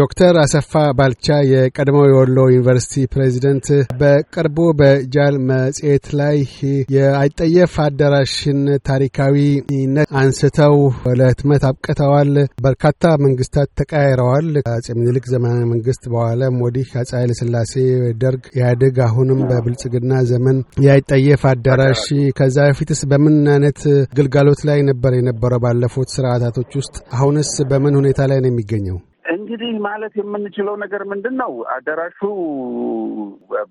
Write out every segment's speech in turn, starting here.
ዶክተር አሰፋ ባልቻ የቀድሞው የወሎ ዩኒቨርሲቲ ፕሬዚደንት፣ በቅርቡ በጃል መጽሔት ላይ የአይጠየፍ አዳራሽን ታሪካዊነት አንስተው ለህትመት አብቅተዋል። በርካታ መንግስታት ተቀያይረዋል። አጼ ምኒልክ ዘመናዊ መንግስት፣ በኋላም ወዲህ አጼ ኃይለ ሥላሴ፣ ደርግ፣ ኢህአዴግ፣ አሁንም በብልጽግና ዘመን የአይጠየፍ አዳራሽ ከዛ በፊትስ በምን አይነት ግልጋሎት ላይ ነበር የነበረው? ባለፉት ስርዓታቶች ውስጥ አሁንስ በምን ሁኔታ ላይ ነው የሚገኘው? እንግዲህ ማለት የምንችለው ነገር ምንድን ነው? አዳራሹ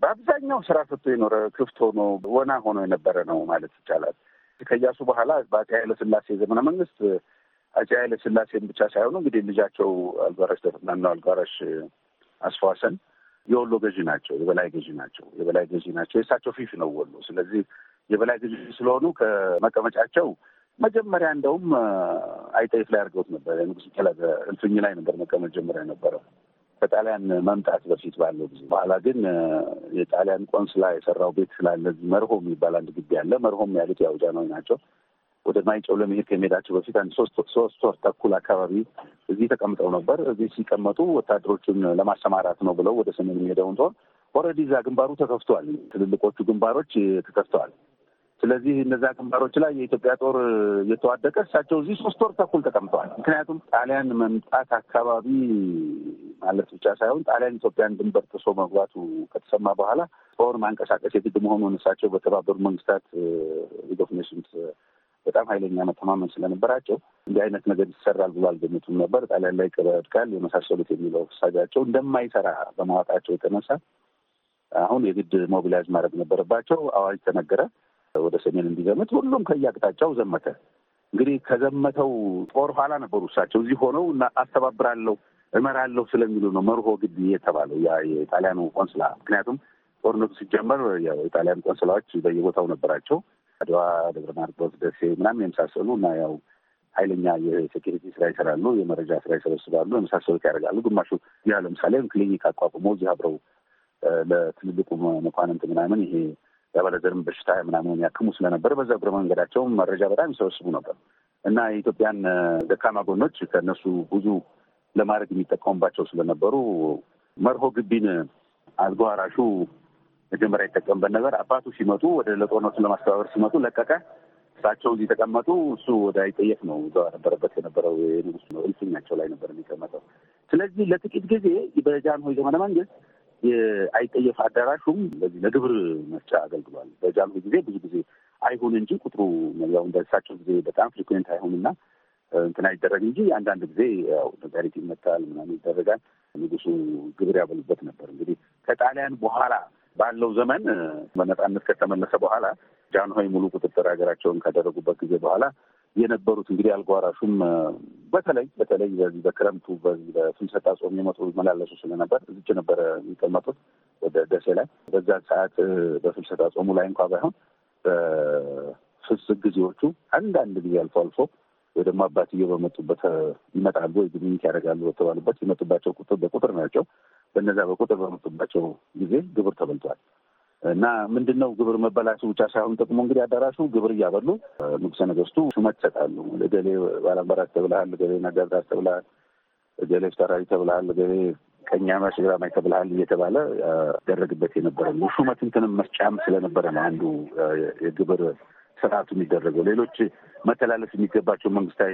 በአብዛኛው ስራ ፈቶ የኖረ ክፍት ሆኖ ወና ሆኖ የነበረ ነው ማለት ይቻላል። ከእያሱ በኋላ በአፄ ኃይለስላሴ ዘመነ መንግስት አፄ ስላሴን ብቻ ሳይሆኑ እንግዲህ ልጃቸው አልጋራሽ ተፈናና አልጋራሽ አስፋዋሰን የወሎ ገዢ ናቸው፣ የበላይ ገዢ ናቸው፣ የበላይ ገዢ ናቸው። የእሳቸው ፊፍ ነው ወሎ። ስለዚህ የበላይ ገዢ ስለሆኑ ከመቀመጫቸው መጀመሪያ እንደውም አይጠይፍ ላይ አድርገውት ነበር። የንጉስ ሚካኤል እልፍኝ ላይ ነበር መቀመጥ መጀመሪያ ነበረው ከጣሊያን መምጣት በፊት ባለው ጊዜ። በኋላ ግን የጣሊያን ቆንስላ የሰራው ቤት ስላለ መርሆ የሚባል አንድ ግቢ አለ። መርሆም ያሉት ያው ጃንሆይ ናቸው። ወደ ማይጨው ለመሄድ ከመሄዳቸው በፊት አንድ ሶስት ወር ተኩል አካባቢ እዚህ ተቀምጠው ነበር። እዚህ ሲቀመጡ ወታደሮቹን ለማሰማራት ነው ብለው ወደ ሰሜን የሚሄደውን ጦር ኦልሬዲ እዛ ግንባሩ ተከፍቷል። ትልልቆቹ ግንባሮች ተከፍተዋል። ስለዚህ እነዛ ግንባሮች ላይ የኢትዮጵያ ጦር እየተዋደቀ እሳቸው እዚህ ሶስት ወር ተኩል ተቀምጠዋል። ምክንያቱም ጣሊያን መምጣት አካባቢ ማለት ብቻ ሳይሆን ጣሊያን ኢትዮጵያን ድንበር ጥሶ መግባቱ ከተሰማ በኋላ ጦር ማንቀሳቀስ የግድ መሆኑን እሳቸው በተባበሩ መንግስታት ሊግ ኦፍ ኔሽንስ በጣም ኃይለኛ መተማመን ስለነበራቸው እንዲህ አይነት ነገር ይሰራል ብሎ አልገመቱም ነበር። ጣሊያን ላይ ቅባ የመሳሰሉት የሚለው እሳጃቸው እንደማይሰራ በማወቃቸው የተነሳ አሁን የግድ ሞቢላይዝ ማድረግ ነበረባቸው። አዋጅ ተነገረ። ወደ ሰሜን እንዲዘምት ሁሉም ከየአቅጣጫው ዘመተ። እንግዲህ ከዘመተው ጦር ኋላ ነበሩ እሳቸው። እዚህ ሆነው እና አስተባብራለሁ እመራለሁ ስለሚሉ ነው መርሆ ግቢ የተባለው የጣሊያኑ ቆንስላ። ምክንያቱም ጦርነቱ ሲጀመር የጣሊያን ቆንስላዎች በየቦታው ነበራቸው፣ አድዋ፣ ደብረ ማርቆስ፣ ደሴ ምናምን የመሳሰሉ እና ያው ኃይለኛ የሴኪሪቲ ስራ ይሰራሉ፣ የመረጃ ስራ ይሰበስባሉ፣ የመሳሰሉት ያደርጋሉ። ግማሹ ያ ለምሳሌ ክሊኒክ አቋቁሞ እዚህ አብረው ለትልልቁ መኳንንት ምናምን ይሄ የአባለዘርም በሽታ ምናምን ያክሙ ስለነበረ በዛ እግረ መንገዳቸውም መረጃ በጣም ይሰበስቡ ነበር እና የኢትዮጵያን ደካማ ጎኖች ከእነሱ ብዙ ለማድረግ የሚጠቀሙባቸው ስለነበሩ መርሆ ግቢን አልጋ መጀመሪያ ይጠቀምበት ነበር። አባቱ ሲመጡ ወደ ለጦርነቱ ለማስተባበር ሲመጡ ለቀቀ። እሳቸው እዚህ ተቀመጡ። እሱ ወደ አይጠየፍ ነው እዛ ነበረበት የነበረው የንጉስ ነው እልፍኛቸው ላይ ነበር የሚቀመጠው። ስለዚህ ለጥቂት ጊዜ በጃንሆይ ዘመነ መንግስት የአይጠየፍ አዳራሹም ለዚህ ለግብር መስጫ አገልግሏል። በጃንሆይ ጊዜ ብዙ ጊዜ አይሆን እንጂ ቁጥሩ ያው እንደሳቸው ጊዜ በጣም ፍሪኩዌንት አይሆንና እንትን አይደረግ እንጂ አንዳንድ ጊዜ ነጋሪት ይመታል ምናምን ይደረጋል። ንጉሱ ግብር ያበሉበት ነበር። እንግዲህ ከጣሊያን በኋላ ባለው ዘመን በነጻነት ከተመለሰ በኋላ ጃንሆይ ሙሉ ቁጥጥር ሀገራቸውን ካደረጉበት ጊዜ በኋላ የነበሩት እንግዲህ አልጓራሹም በተለይ በተለይ በዚህ በክረምቱ በዚህ በፍልሰታ ጾም የመጡ መላለሱ ስለነበር እዚች ነበረ የሚቀመጡት ወደ ደሴ ላይ በዛ ሰዓት በፍልሰታ ጾሙ ላይ እንኳ ባይሆን በፍስግ ጊዜዎቹ አንዳንድ ጊዜ አልፎ አልፎ ወይ ደግሞ አባትየው በመጡበት ይመጣሉ ወይ ግንኙነት ያደርጋሉ በተባሉበት ይመጡባቸው ቁጥር በቁጥር ናቸው። በነዛ በቁጥር በመጡባቸው ጊዜ ግብር ተበልቷል። እና ምንድን ነው ግብር መበላቱ ብቻ ሳይሆን ጥቅሙ እንግዲህ አዳራሹ ግብር እያበሉ ንጉሰ ነገስቱ ሹመት ይሰጣሉ። ለገሌ ባላምባራስ ተብልሃል፣ ለገሌ ነጋድራስ ተብልሃል፣ ለገሌ ፍታራዊ ተብልሃል፣ ለገሌ ቀኛማሽ ግራማሽ ተብልሃል እየተባለ ያደረግበት የነበረ ነው። ሹመት እንትንም መስጫም ስለነበረ ነው አንዱ የግብር ስርዓቱ የሚደረገው። ሌሎች መተላለፍ የሚገባቸው መንግስታዊ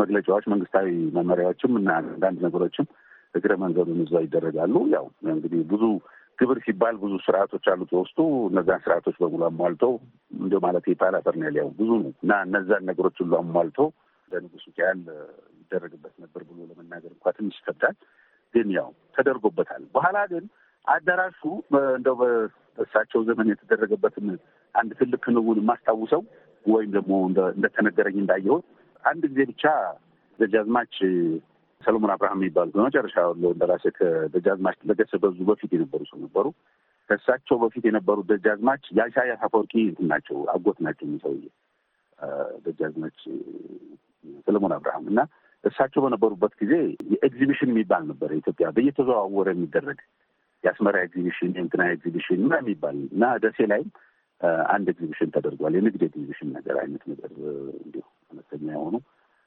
መግለጫዎች፣ መንግስታዊ መመሪያዎችም እና አንዳንድ ነገሮችም እግረ መንገዱን እዛ ይደረጋሉ። ያው እንግዲህ ብዙ ግብር ሲባል ብዙ ስርዓቶች አሉት በውስጡ እነዛን ስርዓቶች በሙሉ አሟልቶ እንዲ ማለት የፓላፈርናሊያው ብዙ ነው እና እነዛን ነገሮች ሁሉ አሟልቶ ለንጉሱ ኪያል ይደረግበት ነበር ብሎ ለመናገር እንኳ ትንሽ ይከብዳል። ግን ያው ተደርጎበታል። በኋላ ግን አዳራሹ እንደው በእሳቸው ዘመን የተደረገበትን አንድ ትልቅ ክንውን የማስታውሰው ወይም ደግሞ እንደተነገረኝ እንዳየሁት አንድ ጊዜ ብቻ ደጃዝማች ሰሎሞን አብርሃም የሚባሉ በመጨረሻ ያለው እንደራሴ ከደጃዝማች ለገሰ በዙ በፊት የነበሩ ሰው ነበሩ። ከእሳቸው በፊት የነበሩ ደጃዝማች የኢሳያስ አፈወርቂ ናቸው፣ አጎት ናቸው። የሚሰውዬ ደጃዝማች ሰለሞን አብርሃም እና እሳቸው በነበሩበት ጊዜ የኤግዚቢሽን የሚባል ነበር ኢትዮጵያ በየተዘዋወረ የሚደረግ የአስመራ ኤግዚቢሽን፣ የእንትና ኤግዚቢሽን ምናምን የሚባል እና ደሴ ላይም አንድ ኤግዚቢሽን ተደርጓል። የንግድ ኤግዚቢሽን ነገር አይነት ነገር እንዲሁ አነስተኛ የሆኑ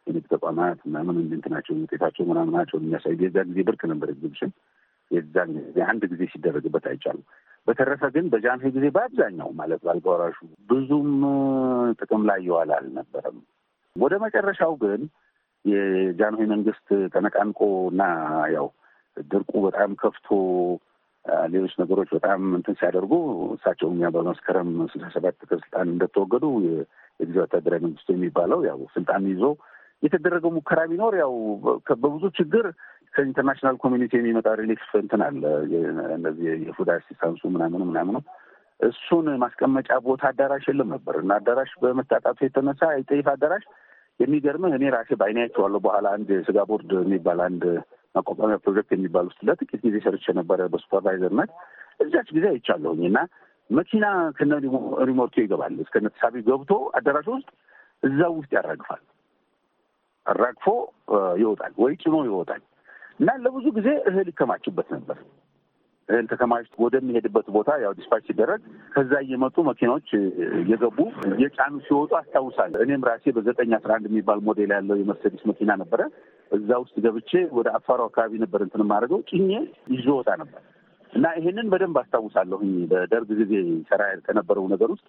የንግድ ተቋማት ምናምን እንትናቸው ውጤታቸው ምናምናቸው የሚያሳይ የዛ ጊዜ ብርቅ ነበር ኤግዚቢሽን። የዛን አንድ ጊዜ ሲደረግበት አይቻሉ። በተረፈ ግን በጃንሆይ ጊዜ በአብዛኛው ማለት በአልጋ ወራሹ ብዙም ጥቅም ላይ የዋለ አልነበረም። ወደ መጨረሻው ግን የጃንሆይ መንግስት ተነቃንቆ እና ያው ድርቁ በጣም ከፍቶ ሌሎች ነገሮች በጣም እንትን ሲያደርጉ እሳቸው ያ በመስከረም ስልሳ ሰባት ከስልጣን እንደተወገዱ የጊዜ ወታደራዊ መንግስቱ የሚባለው ያው ስልጣን ይዞ የተደረገው ሙከራ ቢኖር ያው በብዙ ችግር ከኢንተርናሽናል ኮሚኒቲ የሚመጣ ሪሊፍ እንትን አለ እነዚህ የፉድ አሲስታንሱ ምናምኑ ምናምኑ እሱን ማስቀመጫ ቦታ አዳራሽ የለም ነበር እና አዳራሽ በመታጣቱ የተነሳ የጤፍ አዳራሽ የሚገርምህ እኔ ራሴ በአይኔ አይቼዋለሁ። በኋላ አንድ ስጋ ቦርድ የሚባል አንድ ማቋቋሚያ ፕሮጀክት የሚባል ውስጥ ለጥቂት ጊዜ ሰርቼ ነበረ በሱፐርቫይዘርነት እዛች ጊዜ አይቻለሁኝ እና መኪና ከነ ሪሞርቱ ይገባል እስከነ ተሳቢው ገብቶ አዳራሽ ውስጥ እዛው ውስጥ ያራግፋል። ረግፎ ይወጣል ወይ ጭኖ ይወጣል እና ለብዙ ጊዜ እህል ይከማችበት ነበር። እህል ተከማችቶ ወደሚሄድበት ቦታ ያው ዲስፓች ሲደረግ ከዛ እየመጡ መኪናዎች እየገቡ እየጫኑ ሲወጡ አስታውሳለሁ። እኔም ራሴ በዘጠኝ አስራ አንድ የሚባል ሞዴል ያለው የመርሴዲስ መኪና ነበረ። እዛ ውስጥ ገብቼ ወደ አፋሩ አካባቢ ነበር እንትን የማደርገው ጭኜ ይዞ ወጣ ነበር እና ይሄንን በደንብ አስታውሳለሁኝ። በደርግ ጊዜ ሰራ ከነበረው ነገር ውስጥ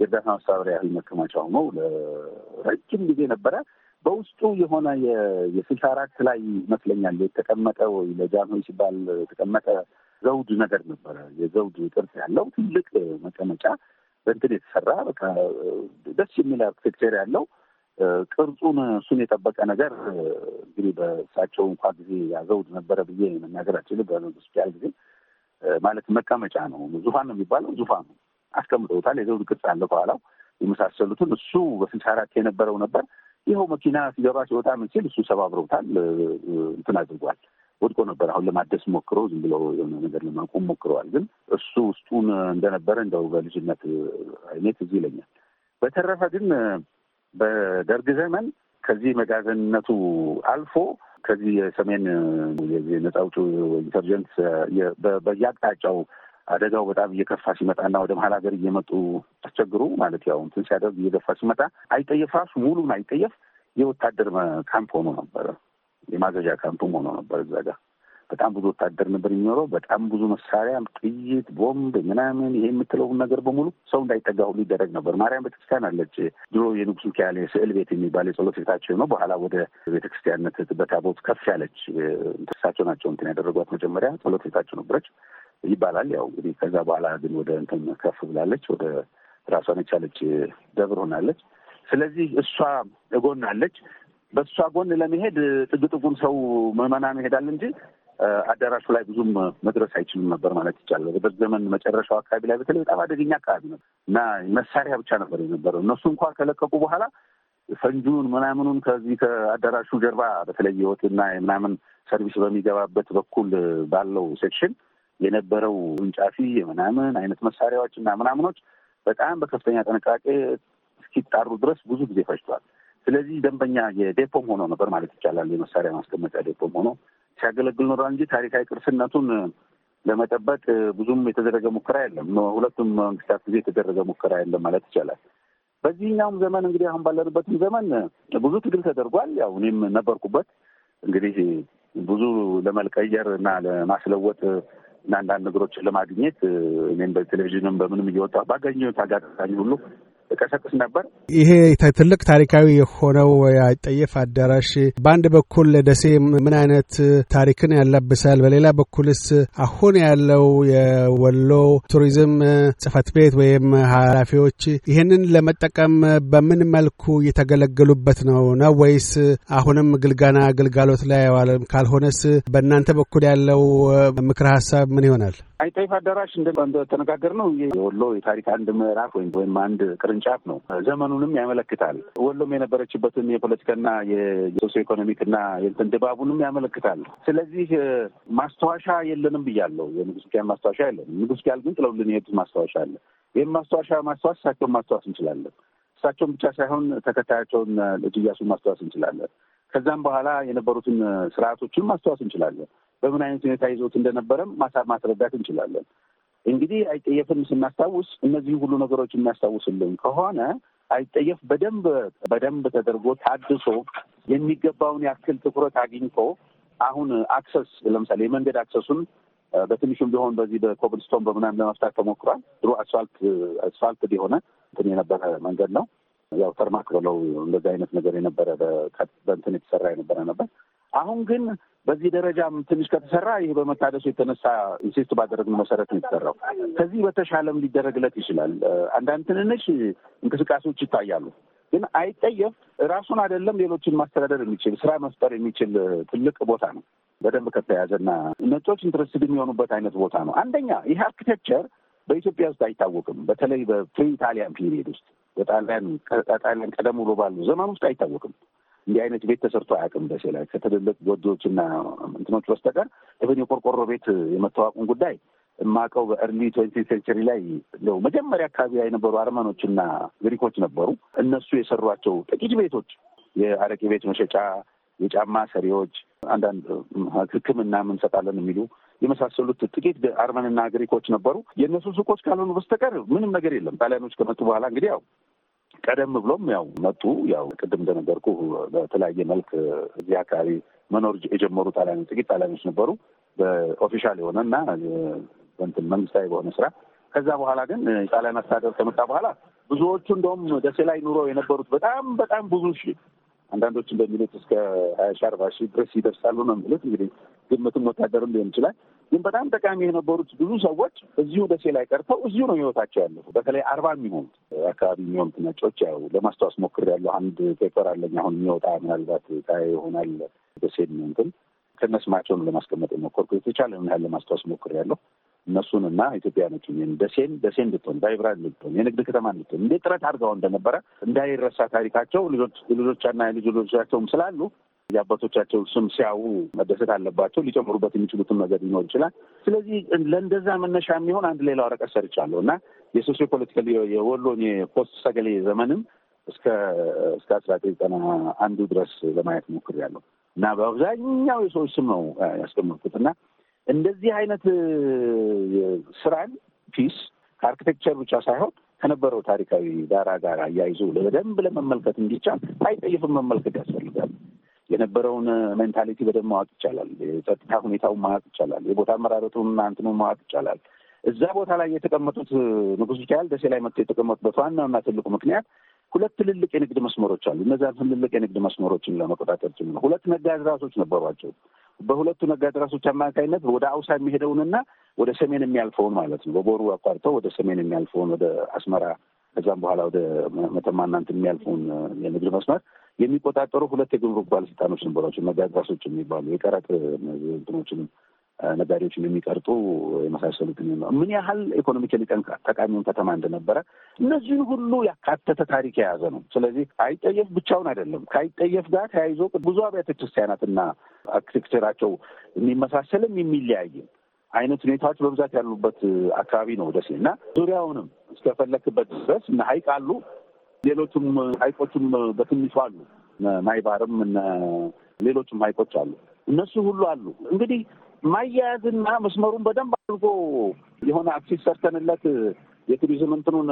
የእርዳታ ማስተባበሪያ እህል መከማቻ ሆኖ ለረጅም ጊዜ ነበረ። በውስጡ የሆነ የስልሳ አራት ላይ ይመስለኛል የተቀመጠ ወይ ለጃንሆይ ሲባል የተቀመጠ ዘውድ ነገር ነበረ። የዘውድ ቅርጽ ያለው ትልቅ መቀመጫ በእንትን የተሰራ በቃ ደስ የሚል አርክቴክቸር ያለው ቅርጹን እሱን የጠበቀ ነገር እንግዲህ በእሳቸው እንኳ ጊዜ ያዘውድ ነበረ ብዬ መናገር አልችልም። በመንግስቱ ያህል ጊዜ ማለት መቀመጫ ነው። ዙፋን ነው የሚባለው። ዙፋን አስቀምጠውታል። የዘውድ ቅርጽ አለ ከኋላው የመሳሰሉትን እሱ በስልሳ አራት የነበረው ነበር። ይኸው መኪና ሲገባ ሲወጣ ምን ሲል እሱ ሰባብረውታል፣ እንትን አድርጓል። ወድቆ ነበር። አሁን ለማደስ ሞክሮ ዝም ብሎ የሆነ ነገር ለማቆም ሞክረዋል። ግን እሱ ውስጡን እንደነበረ እንደው በልጅነት አይነት ትዝ ይለኛል። በተረፈ ግን በደርግ ዘመን ከዚህ መጋዘንነቱ አልፎ ከዚህ የሰሜን ነጻ አውጪ ኢንሰርጀንት በየአቅጣጫው አደጋው በጣም እየከፋ ሲመጣና ወደ መሀል ሀገር እየመጡ አስቸግሩ ማለት ያው እንትን ሲያደርግ እየገፋ ሲመጣ አይጠየፍ ራሱ ሙሉን አይጠየፍ የወታደር ካምፕ ሆኖ ነበረ። የማዘዣ ካምፕም ሆኖ ነበር። እዛ ጋር በጣም ብዙ ወታደር ነበር የሚኖረው። በጣም ብዙ መሳሪያ፣ ጥይት፣ ቦምብ ምናምን ይሄ የምትለውን ነገር በሙሉ ሰው እንዳይጠጋ ሁሉ ይደረግ ነበር። ማርያም ቤተክርስቲያን አለች። ድሮ የንጉሱ ሚካኤል ስዕል ቤት የሚባል የጸሎት ቤታቸው ነው። በኋላ ወደ ቤተክርስቲያንነት በታቦት ከፍ ያለች እሳቸው ናቸው እንትን ያደረጓት። መጀመሪያ ጸሎት ቤታቸው ነበረች። ይባላል። ያው እንግዲህ ከዛ በኋላ ግን ወደ እንትን ከፍ ብላለች። ወደ ራሷን የቻለች ደብር ሆናለች። ስለዚህ እሷ እጎን አለች። በእሷ ጎን ለመሄድ ጥግጥጉን ሰው ምዕመናን ይሄዳል እንጂ አዳራሹ ላይ ብዙም መድረስ አይችሉም ነበር ማለት ይቻላል። በደርግ ዘመን መጨረሻው አካባቢ ላይ በተለይ በጣም አደገኛ አካባቢ ነው እና መሳሪያ ብቻ ነበር የነበረው። እነሱ እንኳ ከለቀቁ በኋላ ፈንጁን ምናምኑን ከዚህ ከአዳራሹ ጀርባ በተለይ የወጥና ምናምን ሰርቪስ በሚገባበት በኩል ባለው ሴክሽን የነበረው ውንጫፊ ምናምን አይነት መሳሪያዎች እና ምናምኖች በጣም በከፍተኛ ጥንቃቄ እስኪጣሩ ድረስ ብዙ ጊዜ ፈጅቷል። ስለዚህ ደንበኛ የዴፖም ሆኖ ነበር ማለት ይቻላል። የመሳሪያ ማስቀመጫ ዴፖም ሆኖ ሲያገለግል ኖሯል እንጂ ታሪካዊ ቅርስነቱን ለመጠበቅ ብዙም የተደረገ ሙከራ የለም። ሁለቱም መንግስታት ጊዜ የተደረገ ሙከራ የለም ማለት ይቻላል። በዚህኛውም ዘመን እንግዲህ አሁን ባለንበትም ዘመን ብዙ ትግል ተደርጓል። ያው እኔም ነበርኩበት። እንግዲህ ብዙ ለመልቀየር እና ለማስለወጥ እና አንዳንድ ነገሮችን ለማግኘት እኔም በቴሌቪዥንም በምንም እየወጣ ባገኘሁት አጋጣሚ ሁሉ እቀሰቅስ ነበር። ይሄ ትልቅ ታሪካዊ የሆነው ያጠየፍ አዳራሽ በአንድ በኩል ደሴ ምን አይነት ታሪክን ያላብሳል፣ በሌላ በኩልስ አሁን ያለው የወሎ ቱሪዝም ጽፈት ቤት ወይም ኃላፊዎች ይህንን ለመጠቀም በምን መልኩ እየተገለገሉበት ነው ነው ወይስ አሁንም ግልጋና ግልጋሎት ላይ አይዋልም? ካልሆነስ በእናንተ በኩል ያለው ምክረ ሀሳብ ምን ይሆናል? አይታይፍ አዳራሽ እንደተነጋገር ነው የወሎ የታሪክ አንድ ምዕራፍ ወይም ወይም አንድ ቅርንጫፍ ነው። ዘመኑንም ያመለክታል። ወሎም የነበረችበትን የፖለቲካና የሶሲዮ ኢኮኖሚክና የንትን ድባቡንም ያመለክታል። ስለዚህ ማስታወሻ የለንም ብያለሁ። የንጉስ ኪያን ማስታወሻ የለንም። ንጉስ ኪያል ግን ጥለውልን የሄዱት ማስታወሻ አለ። ይህም ማስታወሻ ማስታወስ እሳቸውን ማስታወስ እንችላለን። እሳቸውን ብቻ ሳይሆን ተከታያቸውን ልጅ እያሱን ማስታወስ እንችላለን። ከዛም በኋላ የነበሩትን ስርዓቶችን ማስታወስ እንችላለን። በምን አይነት ሁኔታ ይዞት እንደነበረም ማሳ ማስረዳት እንችላለን። እንግዲህ አይጠየፍን ስናስታውስ እነዚህ ሁሉ ነገሮች የሚያስታውስልን ከሆነ አይጠየፍ በደንብ በደንብ ተደርጎ ታድሶ የሚገባውን ያክል ትኩረት አግኝቶ አሁን አክሰስ ለምሳሌ የመንገድ አክሰሱን በትንሹም ቢሆን በዚህ በኮብልስቶን በምናምን ለመፍታት ተሞክሯል። ድሮ አስፋልት አስፋልት የሆነ እንትን የነበረ መንገድ ነው። ያው ተርማክ ብለው እንደዚህ አይነት ነገር የነበረ በእንትን የተሰራ የነበረ ነበር። አሁን ግን በዚህ ደረጃም ትንሽ ከተሰራ ይህ በመታደሱ የተነሳ ኢንሴስት ባደረግነው መሰረት ነው የተሰራው። ከዚህ በተሻለም ሊደረግለት ይችላል። አንዳንድ ትንንሽ እንቅስቃሴዎች ይታያሉ። ግን አይጠየፍ ራሱን አይደለም ሌሎችን ማስተዳደር የሚችል ስራ መፍጠር የሚችል ትልቅ ቦታ ነው። በደንብ ከተያዘና ነጮች ኢንትረስትድ የሚሆኑበት አይነት ቦታ ነው። አንደኛ ይህ አርኪቴክቸር በኢትዮጵያ ውስጥ አይታወቅም። በተለይ በፕሪ ኢታሊያን ፒሪየድ ውስጥ በጣሊያን ከጣሊያን ቀደም ብሎ ባሉ ዘመን ውስጥ አይታወቅም። እንዲህ አይነት ቤት ተሰርቶ አያውቅም። ደሴ ላይ ከትልልቅ ጎጆችና እንትኖች በስተቀር ኢቨን የቆርቆሮ ቤት የመተዋቁን ጉዳይ የማውቀው በእርሊ ትዌንቲ ሴንቸሪ ላይ እንደው መጀመሪያ አካባቢ ላይ የነበሩ አርመኖችና ግሪኮች ነበሩ። እነሱ የሰሯቸው ጥቂት ቤቶች የአረቄ ቤት መሸጫ፣ የጫማ ሰሪዎች፣ አንዳንድ ሕክምና እንሰጣለን የሚሉ የመሳሰሉት ጥቂት አርመንና ግሪኮች ነበሩ። የእነሱ ሱቆች ካልሆኑ በስተቀር ምንም ነገር የለም። ጣሊያኖች ከመጡ በኋላ እንግዲህ ያው ቀደም ብሎም ያው መጡ። ያው ቅድም እንደነገርኩ በተለያየ መልክ እዚህ አካባቢ መኖር የጀመሩ ጣሊያኖች ጥቂት ጣሊያኖች ነበሩ በኦፊሻል የሆነ እና በእንትን መንግስታዊ በሆነ ስራ። ከዛ በኋላ ግን የጣሊያን አስተዳደር ከመጣ በኋላ ብዙዎቹ እንደውም ደሴ ላይ ኑሮ የነበሩት በጣም በጣም ብዙ ሺ አንዳንዶች እንደሚሉት እስከ ሀያ ሺ አርባ ሺ ድረስ ይደርሳሉ ነው የሚሉት። እንግዲህ ግምትም ወታደርም ሊሆን ይችላል ግን በጣም ጠቃሚ የነበሩት ብዙ ሰዎች እዚሁ ደሴ ላይ ቀርተው እዚሁ ነው ህይወታቸው ያለፉ። በተለይ አርባ የሚሆኑት አካባቢ የሚሆኑት ነጮች ያው ለማስታወስ ሞክሬያለሁ። አንድ ፔፐር አለኝ አሁን የሚወጣ ምናልባት ታ ይሆናል ደሴን እንትን ከነስማቸውን ለማስቀመጥ የሞከርኩት የተቻለንን ያህል ለማስታወስ ሞክሬያለሁ። እነሱን እና ኢትዮጵያ ኢትዮጵያኖችን ደሴን ደሴ እንድትሆን ቫይብራንት እንድትሆን የንግድ ከተማ እንድትሆን እንዴት ጥረት አድርገው እንደነበረ እንዳይረሳ ታሪካቸው ልጆቻና ልጅ ልጆቻቸውም ስላሉ የአባቶቻቸው ስም ሲያው መደሰት አለባቸው። ሊጨምሩበት የሚችሉትን ነገር ሊኖር ይችላል። ስለዚህ ለእንደዛ መነሻ የሚሆን አንድ ሌላ ወረቀት ሰርቻለሁ እና የሶሲዮ ፖለቲካል የወሎን የፖስት ሰገሌ ዘመንም እስከ እስከ አስራ ዘጠኝ ዘጠና አንዱ ድረስ ለማየት ሞክሬያለሁ እና በአብዛኛው የሰዎች ስም ነው ያስቀመጥኩት እና እንደዚህ አይነት ስራን ፒስ ከአርኪቴክቸር ብቻ ሳይሆን ከነበረው ታሪካዊ ዳራ ጋር አያይዞ በደንብ ለመመልከት እንዲቻል አይጠይፍም መመልከት ያስፈልጋል። የነበረውን ሜንታሊቲ በደንብ ማወቅ ይቻላል። የጸጥታ ሁኔታውን ማወቅ ይቻላል። የቦታ አመራረቱን እና ማወቅ ይቻላል። እዛ ቦታ ላይ የተቀመጡት ንጉስ ሚካኤል ደሴ ላይ መጥቶ የተቀመጡበት ዋናውና ትልቁ ምክንያት ሁለት ትልልቅ የንግድ መስመሮች አሉ። እነዛን ትልልቅ የንግድ መስመሮችን ለመቆጣጠር ነው። ሁለት ነጋድ ራሶች ነበሯቸው። በሁለቱ ነጋድ ራሶች አማካኝነት ወደ አውሳ የሚሄደውንና ወደ ሰሜን የሚያልፈውን ማለት ነው በቦሩ አቋርተው ወደ ሰሜን የሚያልፈውን ወደ አስመራ ከዛም በኋላ ወደ መተማና እንትን የሚያልፈውን የንግድ መስመር የሚቆጣጠሩ ሁለት የጉምሩክ ባለስልጣኖች ነበሯቸው። ነጋድራሶች የሚባሉ የቀረጥ እንትኖችን ነጋዴዎችን የሚቀርጡ የመሳሰሉትን ምን ያህል ኢኮኖሚካሊ ጠቃሚውን ከተማ እንደነበረ እነዚህን ሁሉ ያካተተ ታሪክ የያዘ ነው። ስለዚህ አይጠየፍ ብቻውን አይደለም። ከአይጠየፍ ጋር ተያይዞ ብዙ አብያተ ክርስቲያናትና አርክቴክቸራቸው የሚመሳሰልም የሚለያይም አይነት ሁኔታዎች በብዛት ያሉበት አካባቢ ነው ደሴ እና ዙሪያውንም እስከፈለክበት ድረስ እና ሀይቅ አሉ ሌሎቹም ሀይቆቹም በትንሹ አሉ። ማይባርም እነ ሌሎቹም ሀይቆች አሉ። እነሱ ሁሉ አሉ። እንግዲህ ማያያዝና መስመሩን በደንብ አድርጎ የሆነ አክሲስ ሰርተንለት የቱሪዝም እንትኑን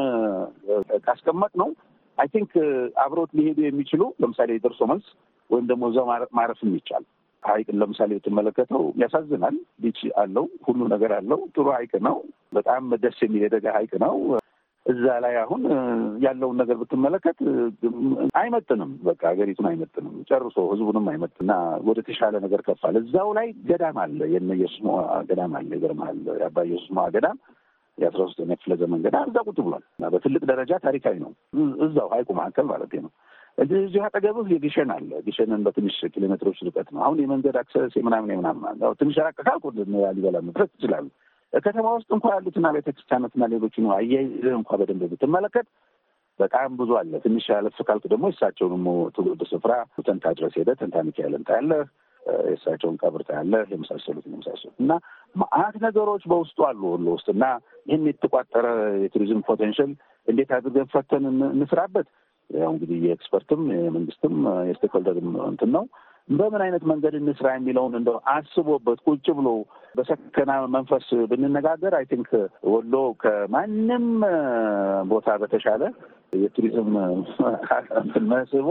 ካስቀመጥ ነው አይ ቲንክ አብሮት ሊሄዱ የሚችሉ ለምሳሌ የደርሶ መልስ ወይም ደግሞ እዛ ማረፍም ይቻል። ሀይቅን ለምሳሌ የተመለከተው ያሳዝናል። ቢች አለው፣ ሁሉ ነገር አለው። ጥሩ ሀይቅ ነው። በጣም ደስ የሚል የደጋ ሀይቅ ነው። እዛ ላይ አሁን ያለውን ነገር ብትመለከት አይመጥንም። በቃ ሀገሪቱን አይመጥንም ጨርሶ ህዝቡንም አይመጥ እና ወደ ተሻለ ነገር ከፋል። እዛው ላይ ገዳም አለ፣ የነ ኢየሱስ ገዳም አለ። ይገርምሃል፣ የአባ ኢየሱስ ገዳም የአስራ ሶስተኛ ክፍለ ዘመን ገዳም እዛ ቁጭ ብሏል። በትልቅ ደረጃ ታሪካዊ ነው። እዛው ሀይቁ መካከል ማለት ነው። እዚህ አጠገብህ የግሸን አለ። ግሸንን በትንሽ ኪሎ ሜትሮች ርቀት ነው። አሁን የመንገድ አክሰስ የምናምን የምናምን ትንሽ ራቀካል ካልኩ ላሊበላ መድረስ ትችላለህ። ከተማ ውስጥ እንኳ ያሉትና ቤተክርስቲያናትና ሌሎች ነው አያይዘህ እንኳ በደንብ ብትመለከት በጣም ብዙ አለ። ትንሽ አለፍ ካልክ ደግሞ የእሳቸውን ትውልድ ስፍራ ተንታ ድረስ ሄደ ተንታ ሚካኤልን ታያለህ፣ የእሳቸውን ቀብር ታያለህ፣ የመሳሰሉት የመሳሰሉት እና መአት ነገሮች በውስጡ አሉ ሁሉ ውስጥ እና ይህን የተቋጠረ የቱሪዝም ፖቴንሽል እንዴት አድርገን ፈተን እንስራበት። ያው እንግዲህ የኤክስፐርትም የመንግስትም የስቴክሆልደርም እንትን ነው በምን አይነት መንገድ እንስራ የሚለውን እንደ አስቦበት ቁጭ ብሎ በሰከና መንፈስ ብንነጋገር አይ ቲንክ ወሎ ከማንም ቦታ በተሻለ የቱሪዝም መስህቧ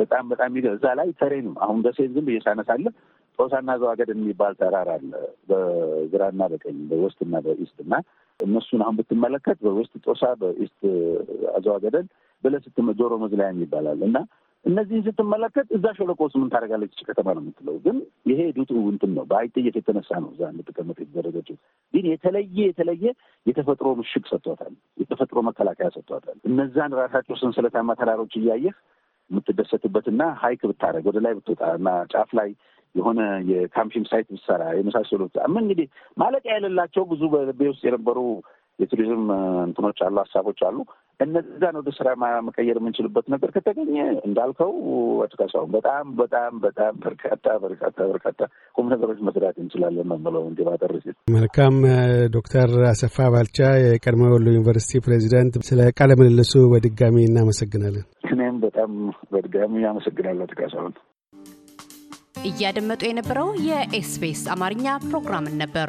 በጣም በጣም እዛ ላይ ተሬኑ አሁን ደሴን ዝም ብዬ ሳነሳለህ ጦሳና ዘዋገድ የሚባል ተራራ አለ። በግራና በቀኝ በወስትና በኢስት እና እነሱን አሁን ብትመለከት በወስት ጦሳ፣ በኢስት አዘዋገደን ብለህ ስትመ ጆሮ መዝለያ ይባላል። እና እነዚህን ስትመለከት እዛ ሸለቆ ውስጥ ምን ታደርጋለች ከተማ ነው የምትለው። ግን ይሄ ዱጡ እንትን ነው በአይጥየት የተነሳ ነው እዛ እንድትቀመጥ የተደረገችው። ግን የተለየ የተለየ የተፈጥሮ ምሽግ ሰጥቷታል፣ የተፈጥሮ መከላከያ ሰጥቷታል። እነዛን ራሳቸው ሰንሰለታማ ተራሮች እያየህ የምትደሰትበትና ሀይክ ብታደረግ ወደ ላይ ብትወጣ እና ጫፍ ላይ የሆነ የካምፒንግ ሳይት ብትሰራ የመሳሰሉት ምን እንግዲህ ማለቂያ የሌላቸው ብዙ በቤ ውስጥ የነበሩ የቱሪዝም እንትኖች አሉ፣ ሀሳቦች አሉ። እነዛን ወደ ስራ መቀየር የምንችልበት ነገር ከተገኘ እንዳልከው አቶ በጣም በጣም በጣም በርካታ በርካታ በርካታ ቁም ነገሮች መስራት እንችላለን ነው የምለው። እንዲ ባጠር ሲል መልካም። ዶክተር አሰፋ ባልቻ የቀድሞ ወሎ ዩኒቨርሲቲ ፕሬዚዳንት፣ ስለ ቃለ ምልልሱ በድጋሚ እናመሰግናለን። እኔም በጣም በድጋሚ አመሰግናለሁ አቶ እያደመጡ የነበረው የኤስቢኤስ አማርኛ ፕሮግራምን ነበር።